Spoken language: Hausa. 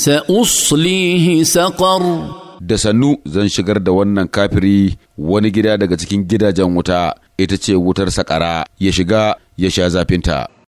sa'uslihi saƙar da sannu zan shigar da wannan kafiri wani gida daga cikin gidajen wuta ita ce wutar saƙara ya shiga ya sha zafinta